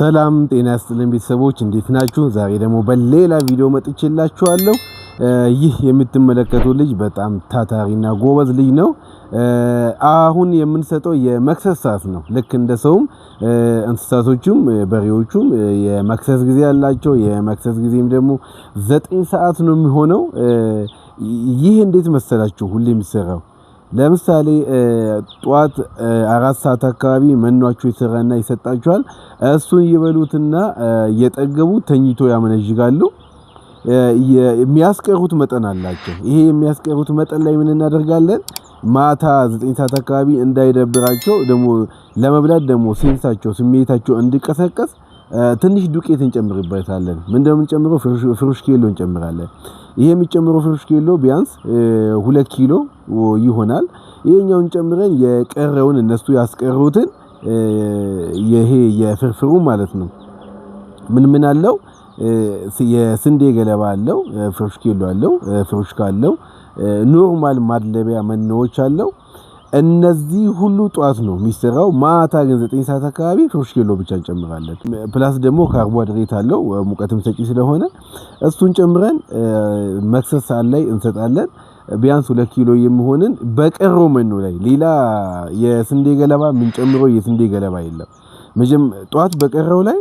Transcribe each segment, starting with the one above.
ሰላም ጤና ያስጥልን ቤተሰቦች እንዴት ናችሁ? ዛሬ ደግሞ በሌላ ቪዲዮ መጥቼላችኋለሁ። ይህ የምትመለከቱ ልጅ በጣም ታታሪና ጎበዝ ልጅ ነው። አሁን የምንሰጠው የመክሰስ ሰዓት ነው። ልክ እንደ ሰውም እንስሳቶቹም በሬዎቹም የመክሰስ ጊዜ አላቸው። የመክሰስ ጊዜም ደግሞ ዘጠኝ ሰዓት ነው የሚሆነው። ይህ እንዴት መሰላችሁ ሁሌ የሚሰራው ለምሳሌ ጠዋት አራት ሰዓት አካባቢ መኗችሁ የተሰራና ይሰጣችኋል። እሱን ይበሉትና እየጠገቡ ተኝቶ ያመነዥጋሉ። የሚያስቀሩት መጠን አላቸው። ይሄ የሚያስቀሩት መጠን ላይ ምን እናደርጋለን? ማታ ዘጠኝ ሰዓት አካባቢ እንዳይደብራቸው ደግሞ ለመብላት ደግሞ ሴንሳቸው ስሜታቸው እንዲቀሰቀስ ትንሽ ዱቄት እንጨምርበታለን። ምን እንደምንጨምረው ፍሩሽ ኪሎ እንጨምራለን። ይሄ የሚጨምረው ፍሩሽ ኪሎ ቢያንስ ሁለት ኪሎ ይሆናል። ይሄኛውን ጨምረን የቀረውን እነሱ ያስቀሩትን ይሄ የፍርፍሩ ማለት ነው። ምን ምን አለው? የስንዴ ገለባ አለው፣ ፍሩሽ ኪሎ አለው፣ ፍሩሽ ካለው ኖርማል ማድለቢያ መኖዎች አለው እነዚህ ሁሉ ጠዋት ነው የሚሰራው። ማታ ግን ዘጠኝ ሰዓት አካባቢ ሶስት ኪሎ ብቻ እንጨምራለን። ፕላስ ደግሞ ካርቦሃይድሬት አለው ሙቀትም ሰጪ ስለሆነ እሱን ጨምረን መክሰስ ሰዓት ላይ እንሰጣለን። ቢያንስ ሁለት ኪሎ የሚሆንን በቀሮ መኖ ላይ ሌላ የስንዴ ገለባ የምንጨምረው የስንዴ ገለባ የለም። መጀም ጠዋት በቀረው ላይ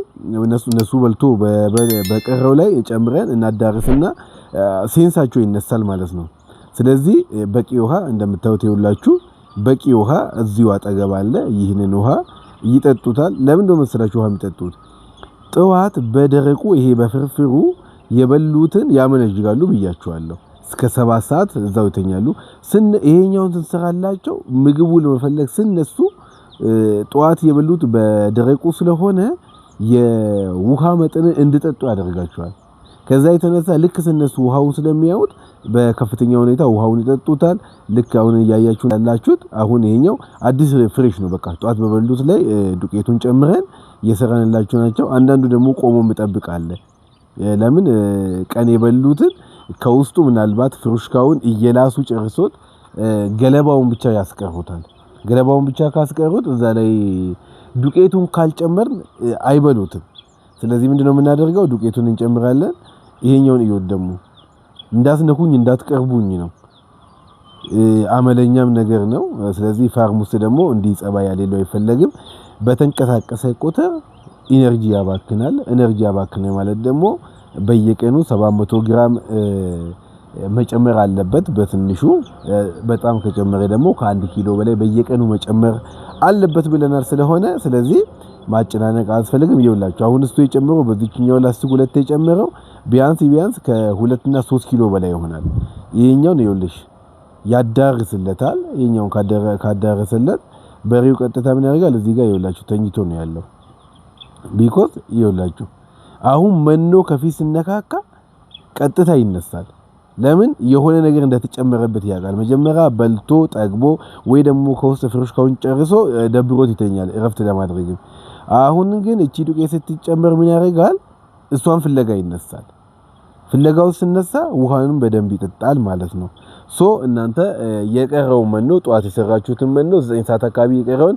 እነሱ በልቶ በቀረው ላይ ጨምረን እናዳርስና ሴንሳቸው ይነሳል ማለት ነው። ስለዚህ በቂ ውሃ እንደምታዩት ይውላችሁ በቂ ውሃ እዚሁ አጠገብ አለ። ይህንን ውሃ ይጠጡታል። ለምን ነው መሰላችሁ ውሃ የሚጠጡት? ጥዋት በደረቁ ይሄ በፍርፍሩ የበሉትን ያመነዥጋሉ ብያችኋለሁ። እስከ ሰባት ሰዓት እዛው ይተኛሉ። ስን ይሄኛውን ስንሰራላቸው ምግቡ ለመፈለግ ስነሱ ጠዋት የበሉት በደረቁ ስለሆነ የውሃ መጠንን እንዲጠጡ ያደርጋቸዋል። ከዛ የተነሳ ልክ ስነሱ ውሃውን ስለሚያዩት በከፍተኛ ሁኔታ ውሃውን ይጠጡታል። ልክ አሁን እያያችሁ ያላችሁት አሁን ይሄኛው አዲስ ፍሬሽ ነው። በቃ ጧት በበሉት ላይ ዱቄቱን ጨምረን እየሰራንላችሁ ናቸው። አንዳንዱ ደግሞ ቆሞ ምጠብቃለ። ለምን ቀን የበሉትን ከውስጡ ምናልባት ፍሩሽካውን እየላሱ ጨርሶት ገለባውን ብቻ ያስቀሩታል። ገለባውን ብቻ ካስቀሩት እዛ ላይ ዱቄቱን ካልጨመርን አይበሉትም። ስለዚህ ምንድነው የምናደርገው? ዱቄቱን እንጨምራለን። ይሄኛውን እዩት ደግሞ እንዳትነኩኝ እንዳትቀርቡኝ ነው። አመለኛም ነገር ነው። ስለዚህ ፋርም ውስጥ ደግሞ እንዲህ ጸባይ ያሌለው አይፈለግም። በተንቀሳቀሰ ቁጥር ኢነርጂ ያባክናል። ኢነርጂ ያባክናል ማለት ደግሞ በየቀኑ 700 ግራም መጨመር አለበት በትንሹ። በጣም ከጨመረ ደግሞ ከአንድ ኪሎ በላይ በየቀኑ መጨመር አለበት ብለናል ስለሆነ ስለዚህ ማጨናነቅ አያስፈልግም። ይኸውላችሁ አሁን እሱ የጨመረው በዚህኛው ላስቲክ ሁለት የጨመረው ቢያንስ ቢያንስ ከሁለትና ሶስት ኪሎ በላይ ይሆናል። ይሄኛው ነው ይኸውልሽ ያዳርስለታል። ይሄኛውን ካዳረሰለት በሬው ቀጥታ ምን ያደርጋል? እዚህ ጋር ይኸውላችሁ ተኝቶ ነው ያለው። ቢኮዝ ይኸውላችሁ አሁን መኖ ከፊት ስነካካ ቀጥታ ይነሳል። ለምን የሆነ ነገር እንደተጨመረበት ያውቃል። መጀመሪያ በልቶ ጠግቦ ወይ ደግሞ ከውስጥ ፍሬሽ ካውን ጨርሶ ደብሮት ይተኛል፣ እረፍት ለማድረግም አሁን ግን እቺ ዱቄት ስትጨመር ምን ያደርጋል? እሷን ፍለጋ ይነሳል። ፍለጋው ስነሳ ውሃንም በደንብ ይጠጣል ማለት ነው። ሶ እናንተ የቀረው መኖ ጠዋት የሰራችሁትን መኖ ዘጠኝ ሰዓት አካባቢ የቀረውን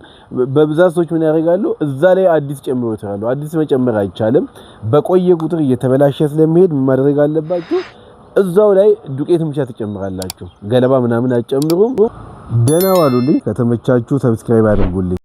በብዛት ሰዎች ምን ያደርጋሉ? እዛ ላይ አዲስ ጨምሮ ይተራሉ። አዲስ መጨመር አይቻልም። በቆየ ቁጥር እየተበላሸ ስለሚሄድ ምን ማድረግ አለባችሁ? እዛው ላይ ዱቄት ብቻ ትጨምራላችሁ። ገለባ ምናምን አትጨምሩም። ደህና ዋሉልኝ። ከተመቻችሁ ሰብስክራይብ አድርጉልኝ።